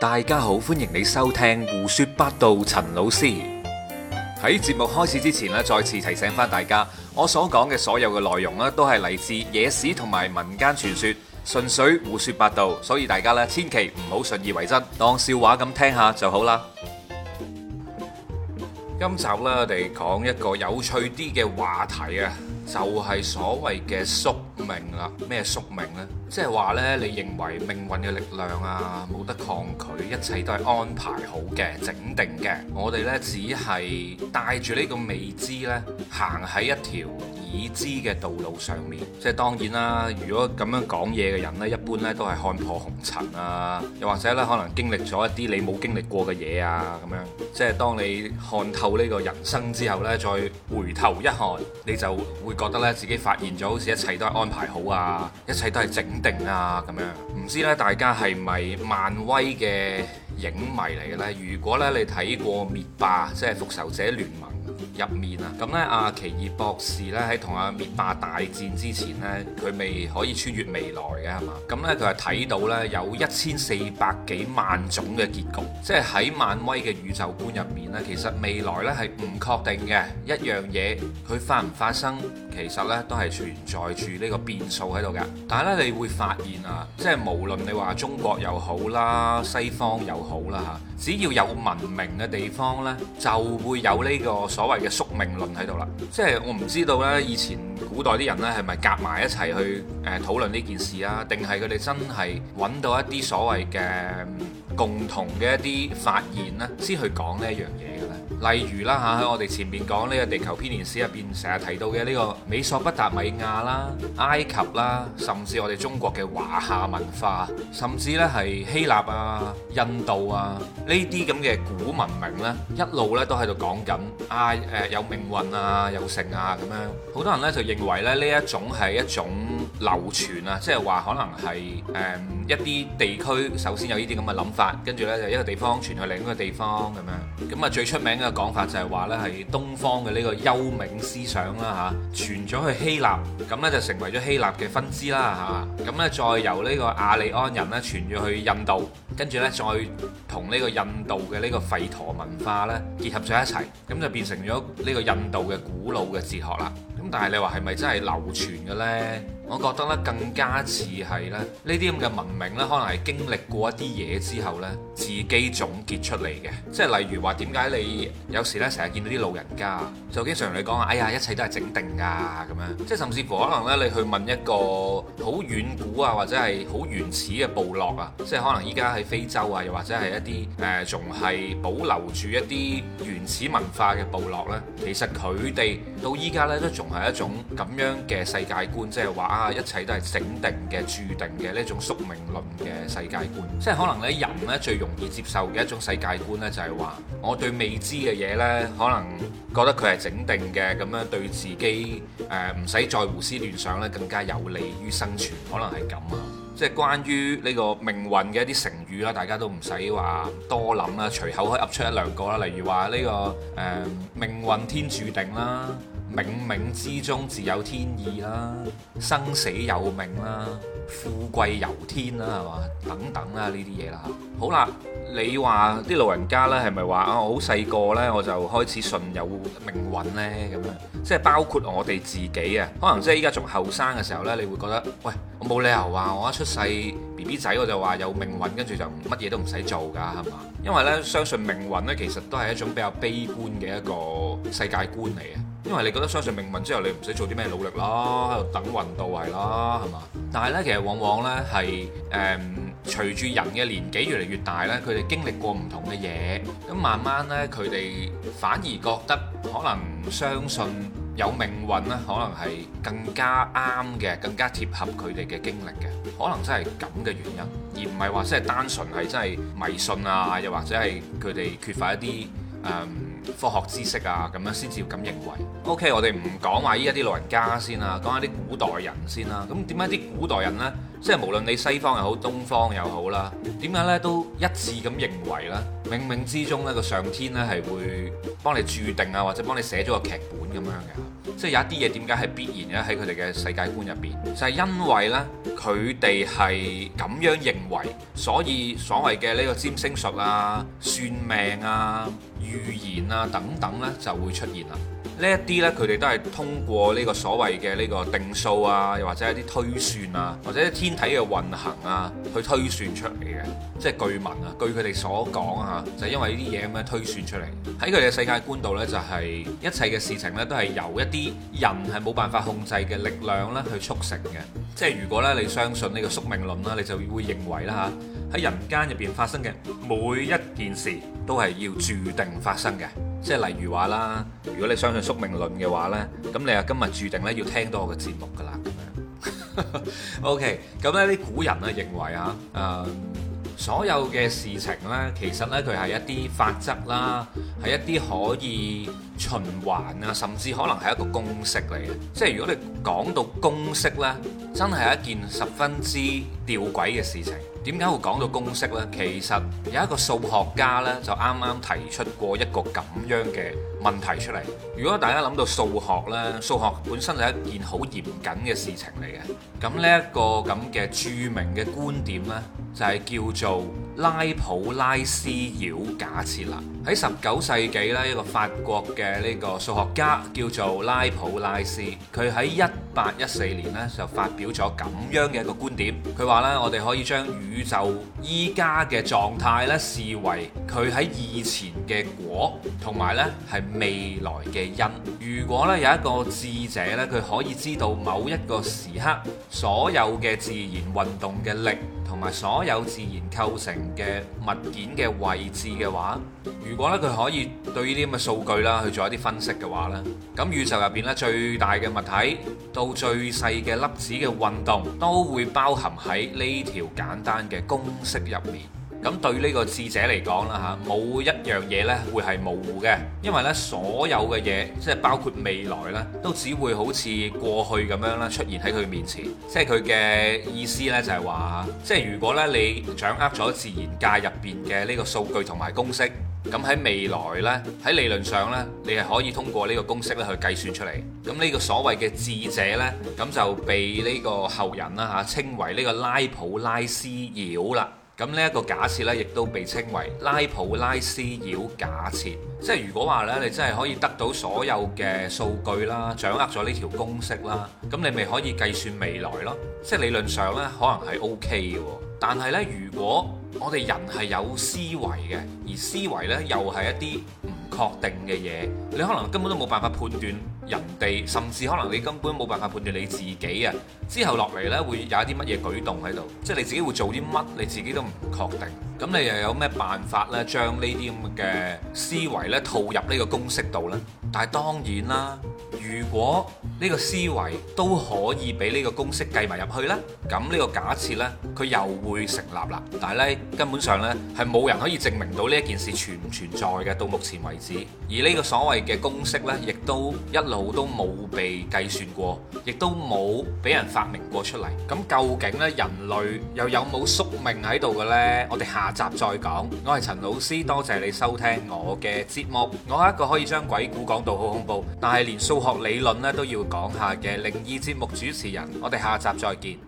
大家好，歡迎你收聽胡說八道。陳老師喺節目開始之前咧，再次提醒翻大家，我所講嘅所有嘅內容咧，都係嚟自野史同埋民間傳說，純粹胡說八道，所以大家咧千祈唔好信以為真，當笑話咁聽下就好啦。今集咧，我哋講一個有趣啲嘅話題啊！就係所謂嘅宿命啦，咩宿命呢？即係話呢，你認為命運嘅力量啊，冇得抗拒，一切都係安排好嘅，整定嘅。我哋呢，只係帶住呢個未知呢，行喺一條已知嘅道路上面，即係當然啦。如果咁樣講嘢嘅人咧，一般咧都係看破紅塵啊，又或者咧可能經歷咗一啲你冇經歷過嘅嘢啊，咁樣即係當你看透呢個人生之後咧，再回頭一看，你就會覺得咧自己發現咗好似一切都係安排好啊，一切都係整定啊，咁樣唔知咧大家係咪漫威嘅？影迷嚟咧，如果咧你睇過滅霸，即係復仇者聯盟入面啊，咁咧阿奇異博士咧喺同阿滅霸大戰之前咧，佢未可以穿越未來嘅係嘛？咁咧佢係睇到咧有一千四百幾萬種嘅結局，即係喺漫威嘅宇宙觀入面咧，其實未來咧係唔確定嘅一樣嘢，佢發唔發生其實咧都係存在住呢個變數喺度嘅。但係咧你會發現啊，即係無論你話中國又好啦，西方又好。好啦嚇，只要有文明嘅地方呢，就會有呢個所謂嘅宿命論喺度啦。即係我唔知道呢，以前古代啲人呢係咪夾埋一齊去誒討論呢件事啊？定係佢哋真係揾到一啲所謂嘅共同嘅一啲發現呢？先去講呢一樣嘢。例如啦嚇，喺我哋前面講呢個地球編年史入邊，成日提到嘅呢個美索不達米亞啦、埃及啦，甚至我哋中國嘅華夏文化，甚至咧係希臘啊、印度啊呢啲咁嘅古文明咧，一路咧都喺度講緊啊誒有命運啊，有成啊咁樣。好多人咧就認為咧呢一種係一種流傳啊，即係話可能係誒一啲地區首先有呢啲咁嘅諗法，跟住咧就一個地方傳去另一個地方咁樣。咁啊最出名嘅講法就係話呢係東方嘅呢個幽冥思想啦嚇，傳咗去希臘，咁呢就成為咗希臘嘅分支啦嚇，咁呢再由呢個亞利安人呢傳咗去印度，跟住呢，再同呢個印度嘅呢個吠陀文化呢結合咗一齊，咁就變成咗呢個印度嘅古老嘅哲學啦。咁但係你話係咪真係流傳嘅呢？我覺得咧，更加似係咧呢啲咁嘅文明咧，可能係經歷過一啲嘢之後咧，自己總結出嚟嘅。即係例如話，點解你有時咧成日見到啲老人家，就經常同你講啊，哎呀，一切都係整定㗎咁樣。即係甚至乎可能咧，你去問一個好遠古啊，或者係好原始嘅部落啊，即係可能依家喺非洲啊，又或者係一啲誒仲係保留住一啲原始文化嘅部落呢。其實佢哋到依家呢，都仲係一種咁樣嘅世界觀，即係話。啊！一切都係整定嘅、注定嘅呢一種宿命論嘅世界觀，即係可能咧，人咧最容易接受嘅一種世界觀呢，就係話我對未知嘅嘢呢，可能覺得佢係整定嘅，咁樣對自己誒唔使再胡思亂想呢，更加有利於生存，可能係咁啊！即係關於呢個命運嘅一啲成語啦，大家都唔使話多諗啦，隨口可以噏出一兩個啦，例如話呢、這個誒、呃、命運天注定啦。冥冥之中自有天意啦，生死有命啦，富貴由天啦，係嘛？等等啦，呢啲嘢啦，好啦，你話啲老人家咧，係咪話啊？我好細個咧，我就開始信有命運咧，咁樣即係包括我哋自己啊，可能即係依家仲後生嘅時候咧，你會覺得喂，我冇理由話我一出世 BB 仔，我就話有命運，跟住就乜嘢都唔使做㗎，係嘛？因為咧，相信命運咧，其實都係一種比較悲觀嘅一個世界觀嚟啊。因為你覺得相信命運之後，你唔使做啲咩努力啦，喺度等運到位啦，係嘛？但係呢，其實往往呢，係、呃、誒，隨住人嘅年紀越嚟越大，呢佢哋經歷過唔同嘅嘢，咁慢慢呢，佢哋反而覺得可能相信有命運呢，可能係更加啱嘅，更加貼合佢哋嘅經歷嘅，可能真係咁嘅原因，而唔係話真係單純係真係迷信啊，又或者係佢哋缺乏一啲誒，呃科學知識啊，咁樣先至要咁認為。OK，我哋唔講話依家啲老人家先啦，講下啲古代人先啦。咁點解啲古代人呢？即係無論你西方又好，東方又好啦，點解呢都一致咁認為呢？冥冥之中呢個上天呢係會幫你註定啊，或者幫你寫咗個劇本咁樣嘅。即係有一啲嘢點解係必然咧，喺佢哋嘅世界觀入邊，就係因為呢，佢哋係咁樣認為，所以所謂嘅呢個占星術啊、算命啊、預言啊。啊，等等咧就會出現啦。呢一啲呢，佢哋都係通過呢個所謂嘅呢個定數啊，又或者一啲推算啊，或者天體嘅運行啊，去推算出嚟嘅，即係據聞啊，據佢哋所講啊，就係、因為呢啲嘢咁樣推算出嚟。喺佢哋嘅世界觀度呢，就係、是、一切嘅事情呢，都係由一啲人係冇辦法控制嘅力量呢去促成嘅。即係如果咧你相信呢個宿命論啦、啊，你就會認為啦嚇喺人間入邊發生嘅每一件事都係要注定發生嘅。即係例如話啦，如果你相信宿命論嘅話呢，咁你啊今日注定呢要聽到我嘅節目㗎啦，咁樣。 OK，咁呢啲古人啊認為啊，誒、嗯、所有嘅事情呢，其實呢，佢係一啲法則啦，係一啲可以循環啊，甚至可能係一個公式嚟嘅。即係如果你講到公式呢，真係一件十分之吊詭嘅事情。點解會講到公式呢？其實有一個數學家呢，就啱啱提出過一個咁樣嘅問題出嚟。如果大家諗到數學呢，數學本身係一件好嚴謹嘅事情嚟嘅。咁呢一個咁嘅著名嘅觀點呢，就係叫做。拉普拉斯妖假設啦，喺十九世紀咧，一個法國嘅呢個數學家叫做拉普拉斯，佢喺一八一四年咧就發表咗咁樣嘅一個觀點，佢話咧我哋可以將宇宙依家嘅狀態咧視為佢喺以前嘅果，同埋咧係未來嘅因。如果咧有一個智者咧，佢可以知道某一個時刻所有嘅自然運動嘅力，同埋所有自然構成嘅物件嘅位置嘅話，如果咧佢可以對呢啲咁嘅數據啦去做一啲分析嘅話咧，咁宇宙入邊咧最大嘅物體到。最細嘅粒子嘅運動都會包含喺呢條簡單嘅公式入面。咁對呢個智者嚟講啦嚇，冇一樣嘢呢會係模糊嘅，因為呢所有嘅嘢，即係包括未來呢，都只會好似過去咁樣啦出現喺佢面前。即係佢嘅意思呢，就係話，即係如果呢你掌握咗自然界入邊嘅呢個數據同埋公式，咁喺未來呢喺理論上呢，你係可以通過呢個公式咧去計算出嚟。咁呢個所謂嘅智者呢，咁就被呢個後人啦嚇稱為呢個拉普拉斯妖啦。咁呢一個假設呢，亦都被稱為拉普拉斯妖假設。即係如果話呢，你真係可以得到所有嘅數據啦，掌握咗呢條公式啦，咁你咪可以計算未來咯。即係理論上呢，可能係 OK 嘅。但係呢，如果我哋人係有思維嘅，而思維呢，又係一啲確定嘅嘢，你可能根本都冇辦法判斷人哋，甚至可能你根本冇辦法判斷你自己啊！之後落嚟咧，會有一啲乜嘢舉動喺度，即係你自己會做啲乜，你自己都唔確定。咁你又有咩辦法咧，將呢啲咁嘅思維咧套入呢個公式度呢？但係當然啦，如果呢個思維都可以俾呢個公式計埋入去呢，咁呢個假設呢，佢又會成立啦。但係呢，根本上呢係冇人可以證明到呢一件事存唔存在嘅，到目前為止。而呢個所謂嘅公式呢，亦都一路都冇被計算過，亦都冇俾人發明過出嚟。咁究竟呢人類又有冇宿命喺度嘅呢？我哋下集再講。我係陳老師，多謝你收聽我嘅節目。我係一個可以將鬼故講講到好恐怖，但係連數學理論咧都要講下嘅靈異節目主持人，我哋下集再見。